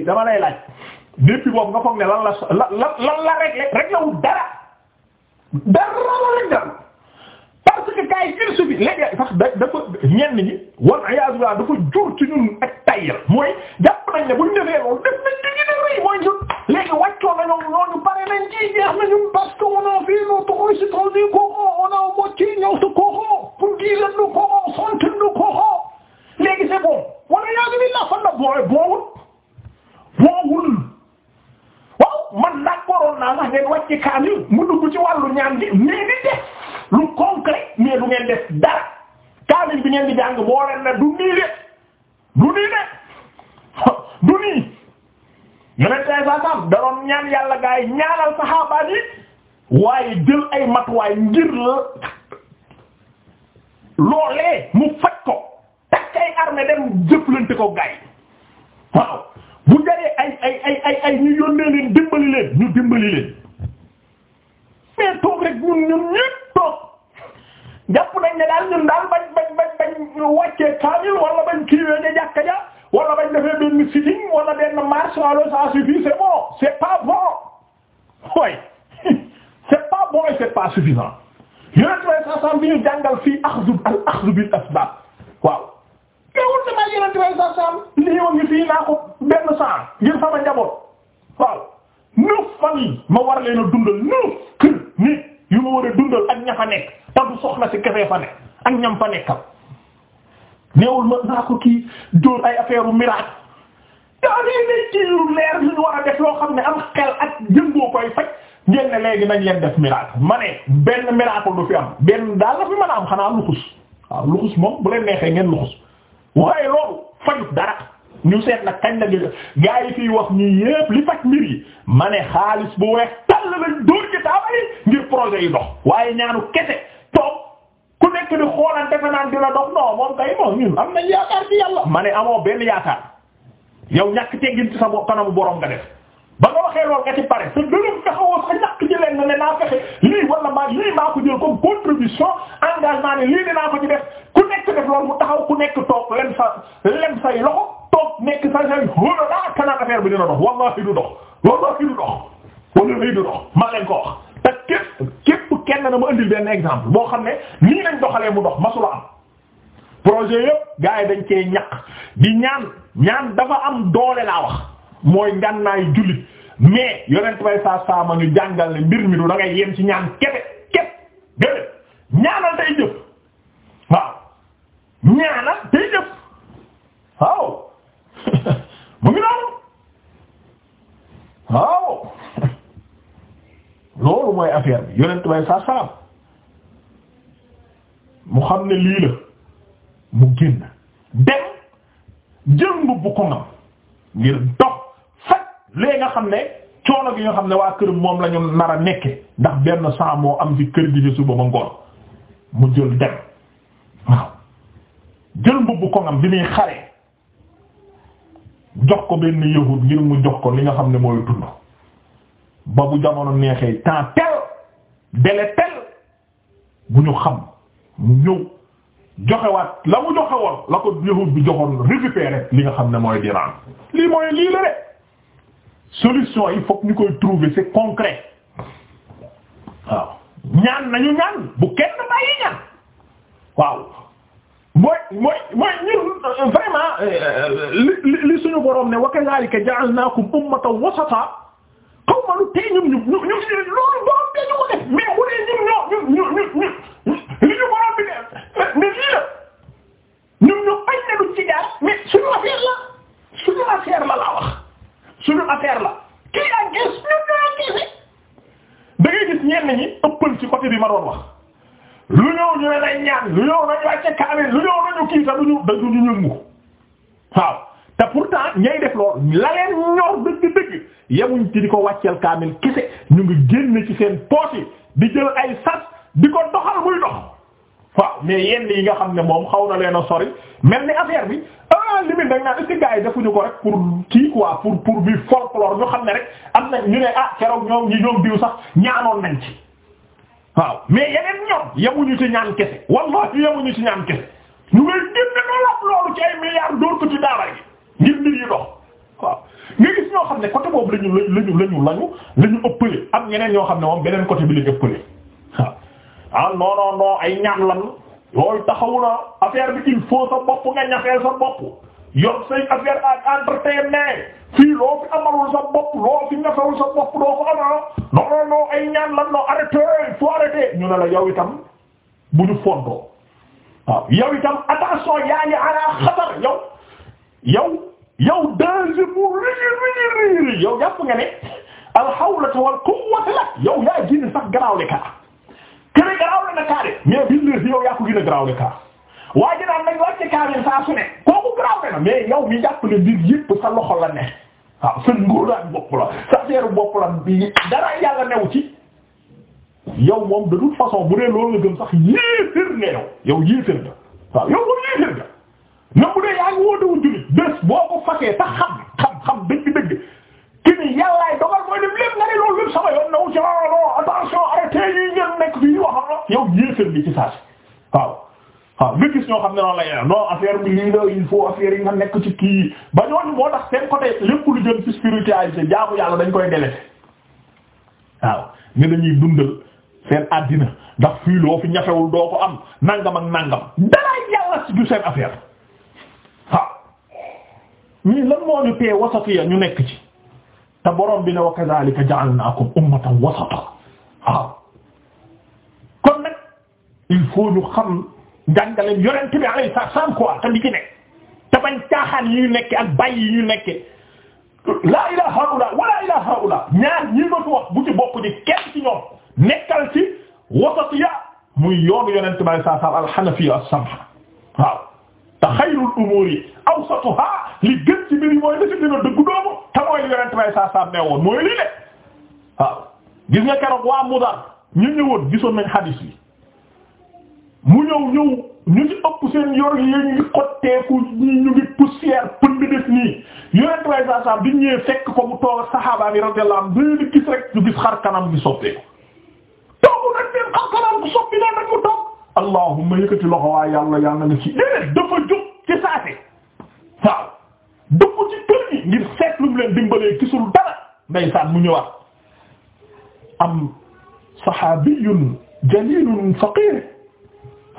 léegi dama lay laaj depuis boobu nga foog ne lan la la lan la réglé réglé wu dara dara la la dara parce que gars yi il suffit léegi sax da dafa ñenn ñi wal iyaazu billah dafa jur ci ñun ak tayal mooy jàpp nañ ne bu ñu defee loolu def nañ ci gën a rëy mooy ñun léegi wàccoo na ñoom ñooñu pare nañ ci jeex na ñun parce que on a vu nos tool si tool yi kooku on a moitié ñëw sa kooku pour diir leen lu kooku sant lu kooku léegi c'est bon wal iyaazu billah fan la booyee boowul. foogul waaw man d'accord naa sax ngeen wàcc kaamil mu dugg ci wàllu ñaan gi mais di def lu concret mais du ngeen def dara kaamil bi ngeen di jàng boo leen ne du nii de du nii de du nii yeneen tay sa sam ñaan yàlla gaa yi ñaanal saxaabaan yi waaye jël ay matuwaay ngir la loolee mu faj ko takk ay dem jëflante ko gaa bu jaree ay ay ay ay ay ñu yónnee leen dimbali leen ñu leen mais toog rek ñun ñun ñépp toog nañ ne daal ñun daal bañ bañ bañ bañ wàccee kaamil wala bañ kiiwee ja jàkka ja wala bañ defee benn sitting wala benn marche wala ça suffit c'est bon c'est pas bon oui c'est pas bon et pas suffisant yonent way sa sam bi fii axzu bil asbab waaw teewul damaa yéene tubay sax saam li ñëwoon fii naa ko benn saam ngir sama njaboot waaw neuf famille ma war leen a dundal neuf kër nit yu ma war a dundal ak ña fa nekk te du si kese fa nekk ak ñam fa nekkal neewul ma naa ko kii dóor ay affaire u miracle leer lu ñu war a def loo xam ne am xel ak jëngoo koy faj ngeen ne léegi nañ leen def miracle ma ne benn miracle du fi am benn daal la fi mën a am xanaa luxus waaw luxus moom bu leen neexee ngeen waaye loolu fajut dara ñu seet nag kañ la gën gaa yi fiy wax ñii yépp li faj mbir yi ma ne xaalis bu weex tàll lañ dóor ci taabal ngir projet yi dox waaye ñaanu kese toog ku nekk di xoolante defe naan dina dox non moom kay moom ñun am nañ yaakaar ci yàlla ma ne amoo benn yaakaar yow ñàkk teggin ci sa kanamu borom nga def ba nga waxee lool nga ci pare te gërëm nga xaw a ñàkk ci leen ne naa fexe lii wala maa lii maa ko jël comme contribution engagement ne lii dinaa ko ci def ku nekk def loolu mu taxaw ku nekk toog lem sa lem say loxo toog nekk sa say wóor naa kanam affaire bi dina dox wallahi du dox wallahi du dox wallahi du dox maa leen ko wax. te képp kenn na ma indil benn exemple boo xam ne nii lañ doxalee mu dox masula am projet yëpp gars yi dañ cee ñàkk di ñaan ñaan dafa am mooy ngànnaay jullit mais yonent bay saa saa ñu jàngal ne mbir mi du da yem ci ñaan kebe keb gëne ñaanal tay jëf ñaanal tay jëf waaw mu ngi noonu waaw loolu mooy affaire bi yonent bay saa mu xam ne lii la mu génn dem jëmb bu ko ngam ngir dox lee nga xam ne coono gi nga xam ne waa kër moom la ñu nar a nekke ndax benn saa moo am ci kër gi ci suba ba ngoon mu jël dem waaw jël mbubb ko ngam bi muy xare jox ko benn yahut ngir mu jox ko li nga xam ne mooy dund ba bu jamono neexee temps tel délai tel bu ñu xam mu ñëw joxewaat la mu joxe la ko yahut bi joxoon récupérer li nga xam ne mooy diraan lii mooy lii la de solution il faut que ñu koy trouver c'est concret waaw ñaan nañu ñaan bu kenn bàyyi ñaan waaw mooy mooy mooy euh, vraiment euh, euh, li li suñu borom ne wa kadhalika ja'alnakum ummatan wasata xaw ma borom bee ñu ko def mais bu dee ñun ñoo ñu ñu ñu li ñu borom bi ne na lu ci jaar mais suñu affaire la suñu affaire la laa wax. suñu affaire la kii ak gis ñun ñoo gisi da ngay gis ñenn ñi ëppal ci côté bi ma doon wax lu ñëw ñu ne nañ ñaan lu ñëw nañ wàcce kaame lu ñëw nañu kii ta duñu dañuñu ñëngu waaw ko wàcceel kaamil ñu ngi génn ci seen poche yi di jël ay sas di ko doxal muy dox mais yenn yi nga xam ne moom xaw na leen a sori mel ni affaire bi ah limite da nga naan est-ce que gars ko rek pour kii quoi pour pour bi folklore ñu xam ne rek am na ñu ne ah keroog ñoom ñi ñoom diw sax ñaanoon nañ ci waaw mais yeneen ñoom yemuñu ci ñaan kese wallahi yemuñu ci ñaan kese ñu ngay génne loolu loolu ci ay milliards dóor ko ci daara gi ngir mbir yi dox waaw nga gis ñoo xam ne côté boobu lañu lañu lañu lañu lañu ëppale am ñeneen ñoo xam ne moom beneen côté bi lañu ëppale waaw ah non ay ñaan lan yooyu taxawu na affaire bi il faut sa bopp nga ñaxee sa bopp yor say affaire ak fii loo fi amalul sa bopp loo fi ñaxewul sa bopp doo ko amal non non non lan noo arrêté il faut ñu ne la yow itam bu ñu fontoo itam attention yaa ngi ala xatar yow yow yow danger bu rëy rëy rëy yow al hawla wal quwwata lak yow yaa ji sax garaaw li ka kene garaaw la na kaare mais billahi yow yaa ko gën a garaaw le kaar waa ji naan nag wàcce kaamil saa su kooku garaaw na mais yow mi jàpp ne mbir yépp sa loxo la ne waaw sa ngóoraan bopp la sa seeru bopp la bi dara yàlla new ci yow moom da toute façon bu dee loolu la gëm sax yéefér nga yow yow yéefér nga waaw yow moom yéefér nga na bu dee yaa ngi wóotewul jullit bés boo ko fasee tax xam xam xam dëgg dëgg kër gi ci saas waaw gis ñoo xam ne noonu la yéen non bi lii la il faut affaire nekk ci kii ba ñooñu moo tax seen côté lépp lu jëm ci spiritualité jaamu yàlla dañ koy délaissé waaw ne dañuy dundal seen àddina ndax fii loo fi ñafewul doo ko am nangam nangam dara yàlla ci du seen affaire waaw ñii lan moo ñu tee wasatiya ñu nekk ci te borom bi ne wa kadhalika ja'alnakum ummatan wasata il faut ñu xam jàngale yonent bi alayhi salaam quoi te di ci nekk te bañ caaxaan yi ñu nekke ak yi ñu nekke laa ilaha wala ilaha illallah ñaar ñii ma wax bu ci bokk di kenn ci ñoom nekkal ci wasatiya muy yoonu yonent bi alayhi salaam al-hanafi as-samha waaw te xayrul umuri awsatuha li gën ci mbir mooy li ci gën a dëggu doomu te mooy yonent bi alayhi salaam ne woon mooy lii de waaw gis nga keroog waa Mudar ñu ñëwoon gisoon nañ hadith bi mu ñëw ñëw ñu ngi ëpp seen yor yi ñu ngi xotteeku ñu ngi poussière pënd def nii yonent way saa saa bi ñëwee fekk ko mu toog saxaaba bi radiyallahu anhum di gis rek ñu gis xar kanam bi soppeeku toogu nag benn xar kanam bu soppi nag mu toog allahumma yëkkati loxo waaye yàlla yàlla nga ci déedéet dafa jóg ci saase waaw dugg ci kër gi ngir seetlu mu leen dimbalee gisul dara ndeysaan mu ñëwaat am saxaabiyun jaliilun faqiih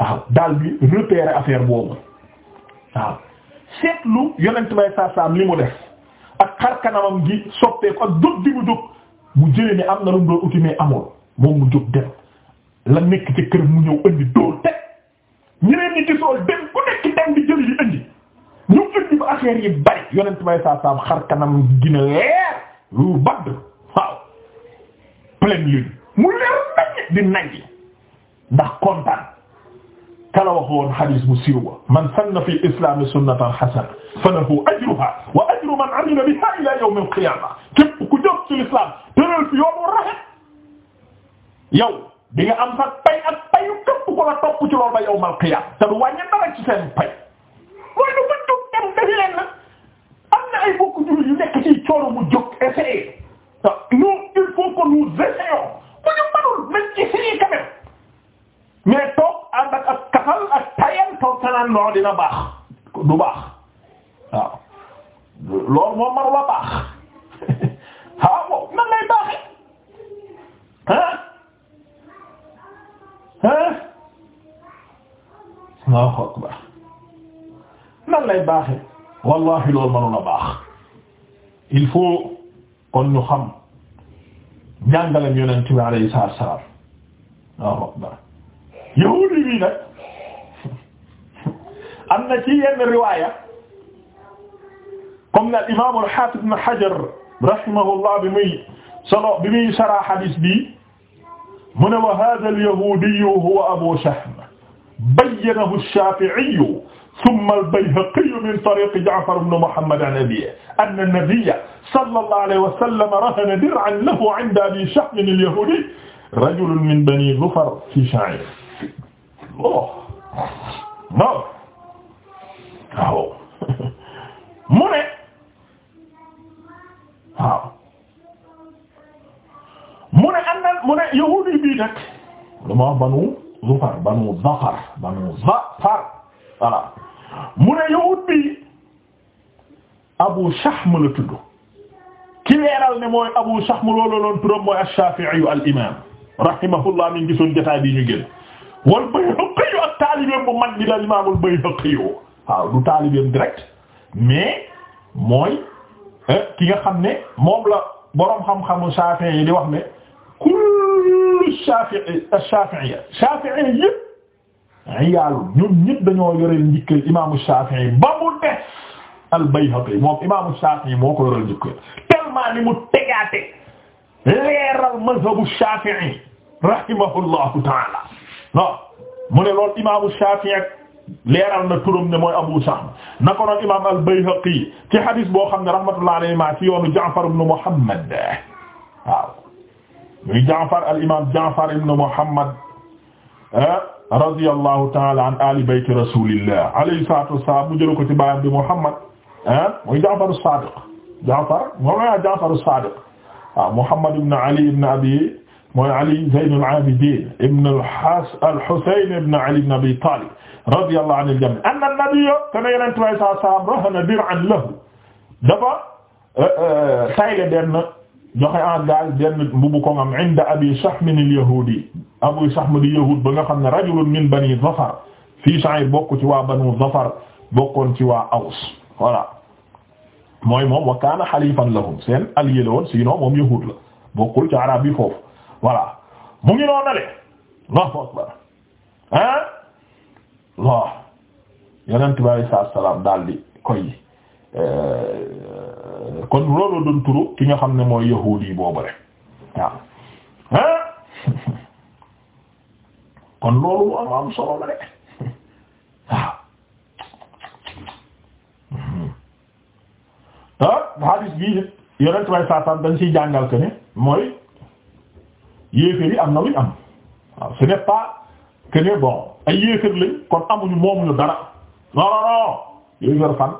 waaw daal bi repérer affaire boobu waaw seetlu yonent bay saasaam li mu def ak xar gi soppeeku ak jóg di mu jóg mu jëlee am na lu mu doon uti mais moom mu jóg dem la nekk ci kër mu ñëw indi dóor teg ñeneen ñi gisool dem ku nekk dem di jël yi indi ñu indi ba affaire yi bari yonent bay saasaam xar kanam gi ne leer lu badd waaw pleine lune mu leer nañ di nañ ndax kontaan. kala waxoon xadis bu siiw man sanna fi islami sunnatan hasana falahu ajruha wa ajru man amila biha ila yawm al-qiyama képp ku jóg ci l'islam tëral am sax pay ak payu képp ku la topp ci loolu ba yawm al-qiyama te du wàññi dara ci seen pay mooy lu mën jóg dem dafi leen nag am na ay bokk jur yu nekk ci coono mu jóg essayer nous il faut que nous mais toog ànd ak ak kafal ak tayal toog tanaan lool baax du baax waaw loolu moom maru la baax waaw moom nan lay baaxe ah ah Allahu akbar nan lay baaxe wallahi loolu manu la baax il faut kon ñu xam njàngalem yonent bi alayhi salaatu wa salaam Allahu akbar yahuudi bi nag am na ci yenn riwaaya comme na imaam al-Haafiz ibn Hajar rahimahullah bi muy solo bi muy sara hadiis bi mu ne wa haadha al-yahuudi huwa Abu Shahm bayyanahu ash-Shaafi'i thumma al-Bayhaqi min tariiq Ja'far ibn Muhammad an abiihi anna an-nabiyya sallallahu alayhi wa sallam rahana dir'an lahu 'inda Abi Shahm al-yahuudi rajulun min banii Zufar fii sha'ir Oh. bon non ah, waaw mu ne waaw mu ne am na mu ne yahuudi bii nag lu ma banu zufar banu zafar banu zafar voilà mu ne yahud bi abu shahm la tudd ki leeral ne mooy abu shahm loolu loon turam mooy ash-shafi'i al imam rahimahullah min gisoon jotaay bi ñu génn wal Bayhaqi ak taalibeem bu mag bi la imaamul Bayhaqi direct mais mooy eh, ki nga xam ne moom la boroom xam-xamu Shafi'i yi di wax ne kullu Shafi'i ash-Shafi'iyya Shafi'i yëpp iyaalu ñoom ñëpp dañoo yoreel njëkkal imaamu Shafi'i ba mu des al-Bayhaqi moom imaamu Shafi'i moo ko yoreel njëkkal tellement ni mu tegaate leeral mazhabu Shafi'i rahimahullahu ta'ala non mu ne loolu imaamu Shafi'i ak leeral na turam ne mooy Abu Sahm na ko noon imaam al-Bayhaqi ci hadis boo xam ne rahmatullah alayhi ma ci yoonu Ja'far ibn Muhammad waaw muy Ja'far al imaam Ja'far ibn Muhammad eh, radiyallahu ta'ala an ali bayti rasulillah alayhi salatu wassalam mu jël ko ci baayam bi Muhammad eh, muy Ja'far as-Sadiq Ja'far moom la Ja'far as-Sadiq waaw Muhammad ibn Ali ibn Abi mooy Ali Zayn al-Abidin ibn al-Husayn ibn Ali ibn Abi Talib radiyallahu anil jami' anna an-nabiyya kana yonent bi sallallahu alayhi wa sallam rahana dir'an lahu dafa tayle euh, euh, benn joxe en gage benn mbubu ko ngam inda Abi Shahm al-Yahudi Abu Shahm di yahud ba nga xam ne rajulun min Bani Zafar fii Sha'ir bokk ci waa Banu Zafar bokkoon ci waa Aws voilà mooy moom wa kaana halifan lahum seen allié la woon sinon moom yahud la bokkul ci arab yi foofu voilà mu ngi noonu dalee Allahu akbar ah non yeneen tubaab yi saa salaam daal di koy euh, kon loolu doon turu ki nga xam ne mooy yahuudi yi boobu rek waaw kon loolu lu am am solo la de waaw. ah hadis bii yonent bay saasan dañ ciy jàngal que ne mooy yéeféer yi am na am waaw ce n'est pas bon ay yéeféer kon amuñu moom ñu dara non non non yéeféer fan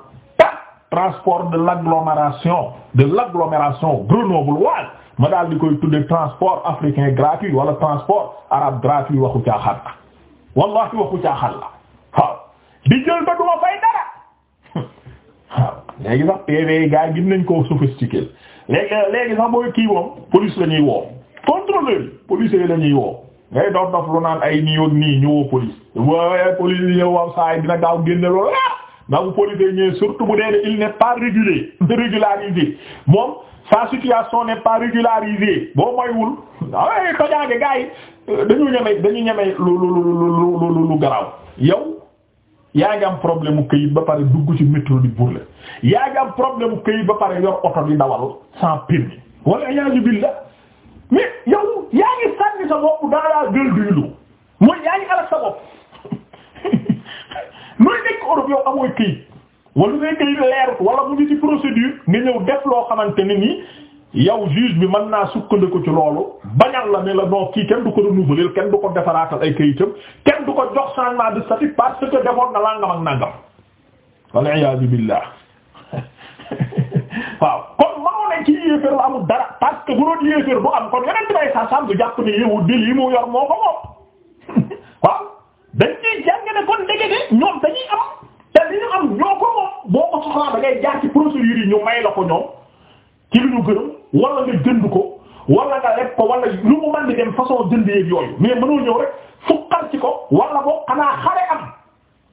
transport de l'agglomération de l'agglomération grenobloise ma daal di koy tudde transport africain gratuit wala transport arabe gratuit waxu caaxaan la wallahi waxu caaxaan la waaw di jël ba duma fay dara waaw léegi sax PV gars yi gis nañ koo sophistiqué léegi léegi sax booy kii moom police la ñuy woo contrôleur policier la ñuy woo ngay doon dof lu naan ay nii yoon nii ñëwoo police waaye police yi ñëw waaw saa yi dina gaaw génne loolu ah ndax bu police ñëwee surtout bu dee il n'est pas régulé régularisé moom sa situation n'est pas régularisée boo moywul ay ah, eh, tojaange gars yi euh, dañu ñeme dañu ñeme lu lu lu lu lu garaaw yow yaa ngi am problème mu këyit ba pare dugg ci métro di burle yaa ngi am problème këyit ba pare yor oto di dawal sans permis mais yow yaa ngi sànni sa bopp daa laa jël diilu mooy yaa ngi alal sa bopp nooy nekk Europe yow amooy këyit wala ngay këyit leerut wala mu ngi ci procédure nga ñëw def loo xamante ni nii yow juge bi mën naa sukkandiku ci loolu bañal la ne la non kii kenn du ko renouveler kenn du ko defaraatal ay këyitam kenn du ko jox changement de statut parce que defoon na langam ak nangam. wal iyaazu billah waaw. naan ci yéeféer la amul dara parce que bu doon yéeféer bu am kon yeneen bay sa sam du jàpp ne yéwu di yi mu yor moo ko moom waaw dañ ciy jàng ne kon ndekete ñoom dañuy am te li ñu am ñoo ko moom boo ko soxlaa da ngay jaar ci procédure yi ñu may la ko ñoom ci lu ñu gërëm wala nga jënd ko wala nga leb ko wala lu mu mën di dem façon jënd yeeg yooyu mais mënoo ñëw rek fukkal ci ko wala boo xanaa xare am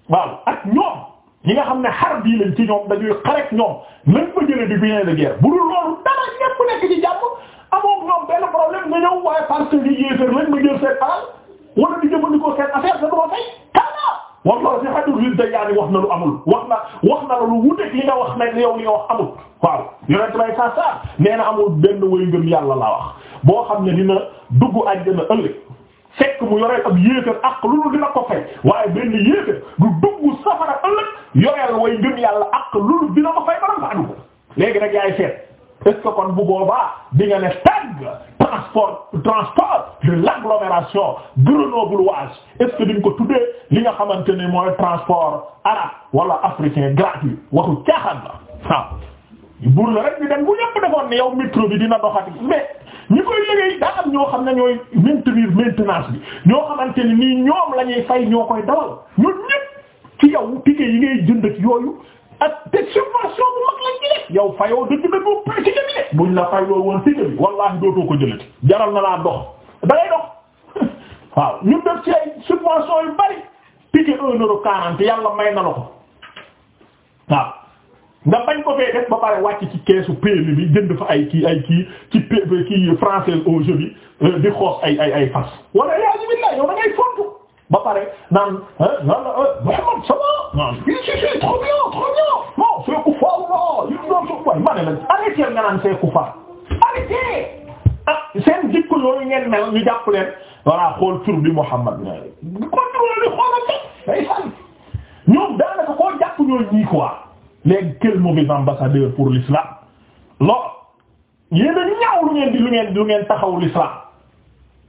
waaw ak ñoom ñi nga xam ne xar bii lañ ci ñoom dañuy xarek ñoom nañ fa jële a biens de bu dul loolu dara ñépp nekk ci jàmm amoon ñoom benn problème nga ñëw waaye parce que li yéeféer lañ ma jël seen alal wala di jëfandikoo seen affaire sa doo fay kaana walla si xajul li dayaani wax na lu amul wax na wax na la lu wuteek li nga wax ne yow li nga wax amul waaw yonent bay sa sa nee na amul benn way ngëm yàlla laa wax boo xam ne dina dugg àjjana ëllëg fekk mu yoreel ab yéefar ak lu dul dina ko fay waaye benn yéefar du dugg safara ëllëg yoreel way ngëm yàlla ak lu dul dina ko fay baram fa dugg léegi nag yaay seet est-ce kon bu boobaa di nga ne tàgg transport transport de l'agglomération grenobloise est-ce que ko tuddee li nga xamante ne mooy transport arabe wala africain gratuit waxu caaxaan la waaw buur la rek di dem bu ñëpp yow métro bi dina doxati mais ñi koy liggéey daa am ñoo xam ne ñooy maintenir maintenance bi ñoo xamante ni ñoom la ñuy fay ñoo koy dawal ñun ñëpp ci yow tike yi ngay jënd ak yooyu ak te subvention bu mag lañ ñu def yow fayoo dëgg-dëggu prix tike bi de buñ la fayloo woon tike bi wallaahi dootoo ko jëlati jaral na laa dox da ngay dox waaw ñu def ci ay subvention yu bari tike un euro quarante yàlla may na la ko waaw. nga bañ ko fee def ba pare wàcc ci keesu PMI bi jënd fa ay kii ay kii ci kii français au jeu bi euh, di xoos ay ay ay fas. wala yaa billah yow da ngay fontu ba pare naan ah euh, Muhammad ça va il suffit trop bien trop bien non c'est kuffar non oh il doon suuf waay ma ne la arrêté nga naan c'est kuffar arrêté ah seen jikko yooyu ngeen mel ñu jàpp leen voilà xool tur Muhammad na ko tur li xoolal tey day sànni ñoom daanaka koo jàpp ñooy ñii quoi. léegi quel mauvais ambassadeur pour l'islam lool yéen a ñaaw lu ngeen di lu ngeen lu l'islam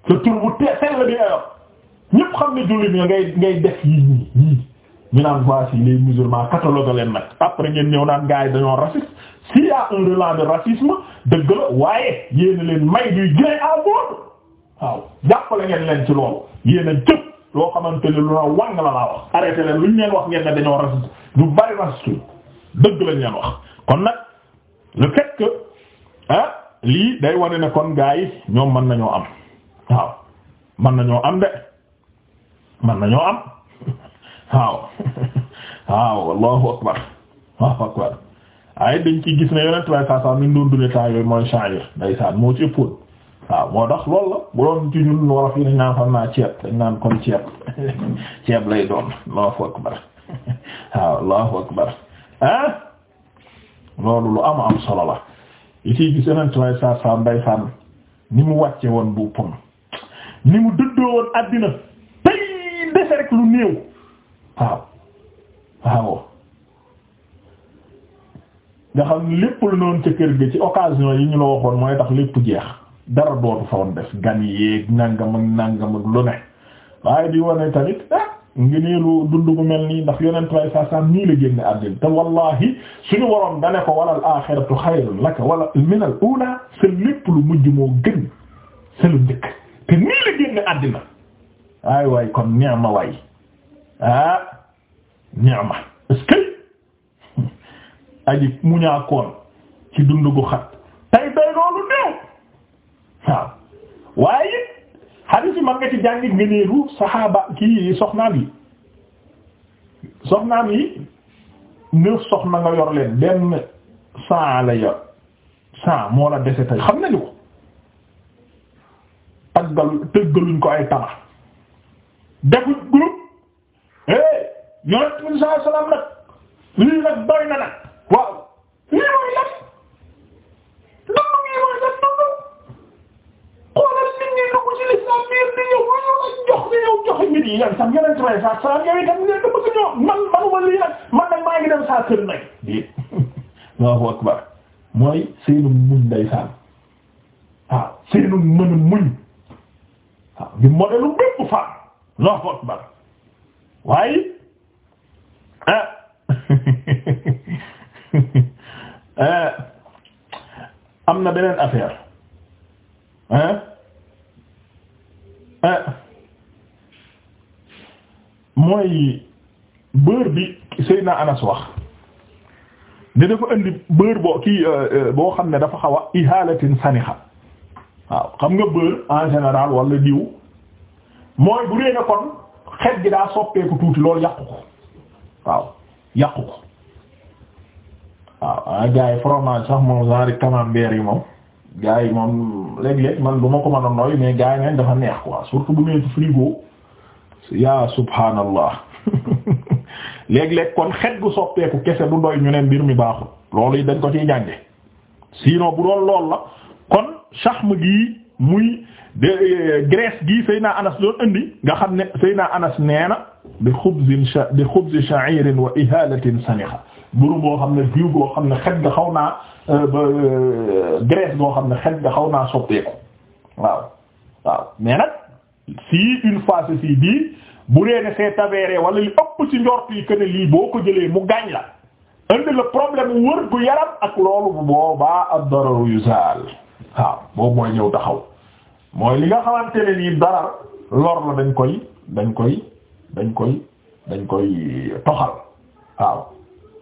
te tur bu tee sell bi nga yor xam ne jullit nga ngay ngay def yii ñii ñii ñu naan voici les musulmans catalogue leen nag après ngeen ñëw naan gars yi dañoo raciste s'il y a un relent dëgg la waaye yéen a leen may du grain à moudre waaw jàppale ngeen leen ci loolu yéen a jëpp loo xamante ne lu la wàng la laa wax arrêté leen lu ñu leen wax ngeen ne dañoo raciste lu dëgg lañ wax kon nag le fait ah lii day wane ne kon gaa yi ñoom mën nañoo am waaw mën nañoo am de mën nañoo am waaw waaw allahu akbar allahu ay dañ ci gis ne yonent way saa saa min doon dune taa yooyu mooy sha'ir ndeysaan moo ci ëppoon waaw moo tax loolu la bu doon ci ñun wolof yi dañ naan dañ naan kon ceeb ceeb lay doon allahu akbar waaw allahu akbar loolu lu am am solo la yi ciy gis yeneen tuwaay saa saa mbay sànn ni mu wàcce woon bu pom ni mu dëddoo woon àddina tey dese rek lu néew waaw waaw nga xam lépp noonu ca kër gi ci occasion yi ñu la waxoon mooy tax lépp jeex dara dootu fa woon gan yeeg nangam ak lu ne waaye di wane tamit ah, ngëneelu dund bu mel ni ndax yonent way saa saa nii la génne àddina te wallahi suñu waroon dane wala al axiratu laka wala min al ula sa lépp lu mujj moo gën sa lu njëkk te nii la génne àddina ay waay kon ni'ma waay ah ni'ma est-ce que aji mu ñaakoon ci dund gu xat tey day loolu néew xadiis yi mën nga ci jàngit ngëneelu saxaaba kii soxnaam yi soxnaam yi neuf soxna nga yor leen benn cent la yor cent moo la dese tey xam nañu ko taggal tëggaluñ ko ay tama defuñ groupe eh yonent bi sallallahu alayhi wasallam nag lii nag doy nag waaw lii mooy lan lii yow sax yeneen trois cent cent yow itam ne dama ngi saa kër nag. déet Allahu akbar mooy seenu muñ ndeysaan waaw seenu mën muñ waaw di modelu bépp femme Allahu akbar waaye ah. ah am na beneen affaire ah ah. mooy beurre bi Seydina Anas wax ne dafa indi beurre boo kii euh, euh, boo xam ne dafa xaw a ihalatin sanixa waaw xam nga beurre en général walla diw mooy bu dee ne kon xet gi daa soppeeku tuuti loolu yàqu ko waaw yàqu ko waaw ah gars yi fromage sax moom genre camembert yi moom gars yi moom léeg-léeg man du ma ko mën a nooy mais gars yi dafa neex quoi surtout bu nekk frigo. yaa subhaanallah léeg-léeg kon xet gu soppeeku kese bu doy ñu ne mbir mi baaxul loolu yi dañ ko ciy jànge bu doon lool la kon saxm gii muy eh, graisse gii Seyna Anas doon indi nga xam ne Seyna Anas nee na bi xubzin bi xubzi sha'irin wa ihalatin sanixa buru boo xam ne diw goo xam ne xet ga xaw naa eh, ba eh, xam ne xet ga xaw naa soppeeku waaw si une fois ceci dit bu dee ne c'est avéré wala li ëpp ci njort yi que lii boo ko jëlee mu gaañ la indi le problème wër gu yaram ak loolu bu boobaa ad-dararu yuzaal waaw boobu mooy ñëw taxaw mooy li nga xamante ne nii darar lor la dañ koy dañ koy dañ koy dañ koy toxal waaw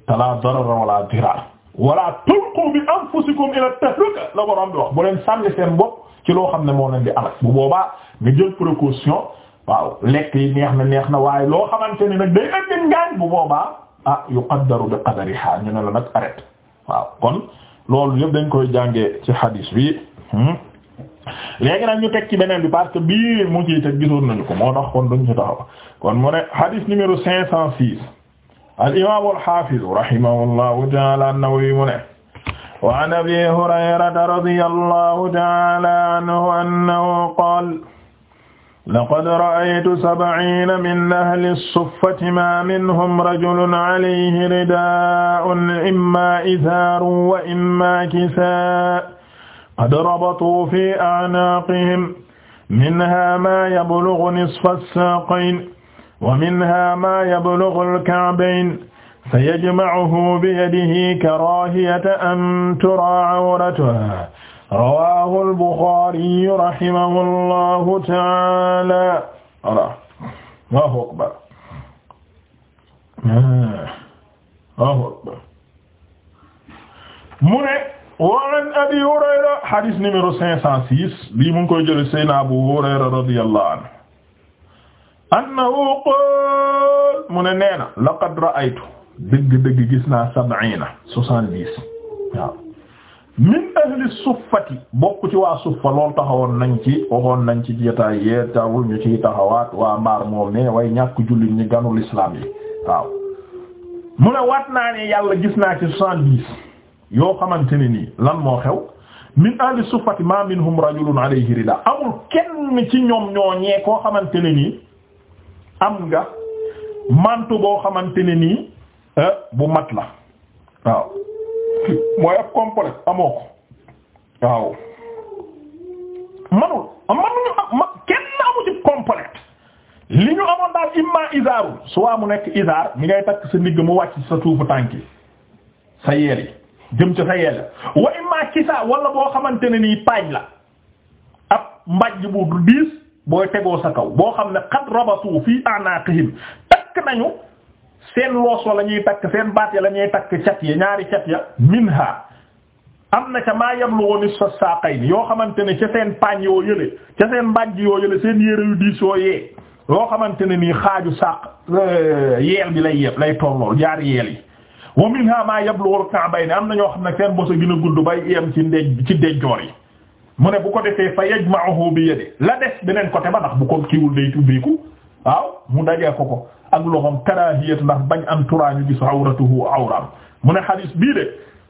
talaa darara wala dirar wala tulqu bi anfusikum ila tahluka la borom bi wax bu leen sànni seen bopp ci loo xam ne moo leen di alal bu boobaa nga jël précaution waaw lekk yi neex na neex na waaye loo xamante ni nag day indi ngaañ bu boobaa ah yuqaddaru bi qadariha ñu ne la nag arrêté waaw kon loolu yëpp dañ koy jàngee ci hadis bi hmm? léegi nag ñu teg ci beneen bi parce que bii mu ciy teg gisoon nañu ko moo tax kon duñ ci taxaw kon mu ne hadis numéro al imaamu alxaafidu rahimahullahu taala an-Nawawi mu ne wa an abi hurayrata radiyallahu taala anhu annahu qaala laqad ra'aytu sab'iina min ahli as-suffati maa minhum rajulun alayhi ridaa'un immaa izaarun wa immaa kisaa'un qad rabatuu fii a'naaqihim minhaa maa yablughu nisfa as-saaqayn wa minha ma yablughu al-ka'bayn fa yajma'uhu bi yadihi karahiyata an turaa awratuha rawahu al-Bukhari rahimahu llahu taala Allahu akbar Allahu akbar mu ne wa an Abi Hurayra hadis numéro cinq cent six lii mu ngi koy jële Seydina Abu Hurayra radiyallahu anhu annahu qaal mu ne nee na laqad ra'aytu dëgg-dëgg gis naa sab'ina soixante-dix waaw min ahli suffati bokk ci waa suffa lool taxawoon nañ ci waxoon nañ ci jotaay yee tawul ñu ciy taxawaat waa mbaar moom ne way ñàkk jullit ñi ganul islam yi waaw mu ne waat naa ne yàlla gis naa ci soixante-dix yoo xamante ne nii lan moo xew min ahli suffati ma minhum rajulun alayhi rida amul kenn ci ñoom ñooñee koo xamante ne nii am nga mantu boo xamante ne nii eh, bu mat la waaw mooy ab complet amoo ko waaw manul manuñu am kenn amu ci complet li ñu amoon daal imma isaaru soit mu nekk isaar mi ngay takk sa ndigg mu wàcc sa suufu tànk yi sa yeel yi jëm ca sa yeel wa imma kisa wala boo xamante ne nii paaj la ab mbàjj bu diis boo tegoo sa kaw boo xam ne qad rabatu fi a'naqihim takk nañu seen loos wa la ñuy takk seen baat ya lañuy takk cat ya ñaari cat ya minha am na ca maa yablu nisfa saqayni yoo xamante ne ca seen paañ yoo yële ca seen mbàjj yoo yële seen yére yu diis yoo yee yoo xamante ne nii xaaju saq euh, yeel bi lay yeb lay tollool jaari yeel yi wa minha maa yablu ka'bayni am na ñoo xam ne seen boso gën a gudd bay yem ci ndej ci ndejjoor yi mu ne bu ko defee fa yajma'uhu bi yadi la des beneen côté ba ndax bu ko kiiwul day tubbiku waaw mu dajee ko ko ak loxoom karahiyat ndax bañ am turaañu gis awratuhu awraam mu ne xadis bii de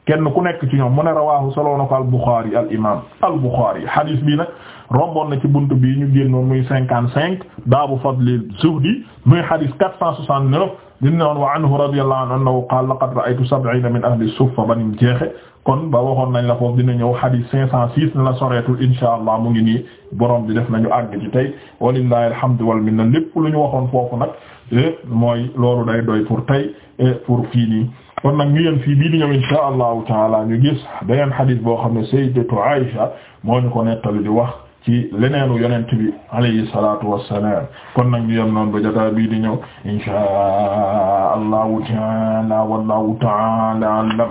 kenn ku nekk ci ñoom mu ne rawaahu soloona ko al Bukhari al imam al Bukhari xadis bii nag romboon na ci buntu bii ñu génnoon muy cinquante cinq baabu fadli zuhdi muy xadis quatre cent soixante neuf di noon wa anhu radiyallahu anhu annahu qaala laqad ra'aytu sab'iina min ahli suffa banim jeexe kon ba waxoon nañ la foofu dina ñëw hadith cinq cent six na la soreetul insha allah mu ngi nii borom bi def nañu àgg ci tey walillahi alhamdu wal na lépp lu ñu waxoon foofu nag eh, mooy loolu day doy pour tey eh, pour kii nii kon nag ñu yem fii bii di ñëw insha allahu taala ñu gis beneen hadith boo xam ne sayyidatu Aisha moo ñu ko nettali di wax ci leneen leneenu yonent bi alayhi salatu wassalam kon nag ñu yem noonu ba jotaay bii di ñëw insha allahu taala wallahu taala alam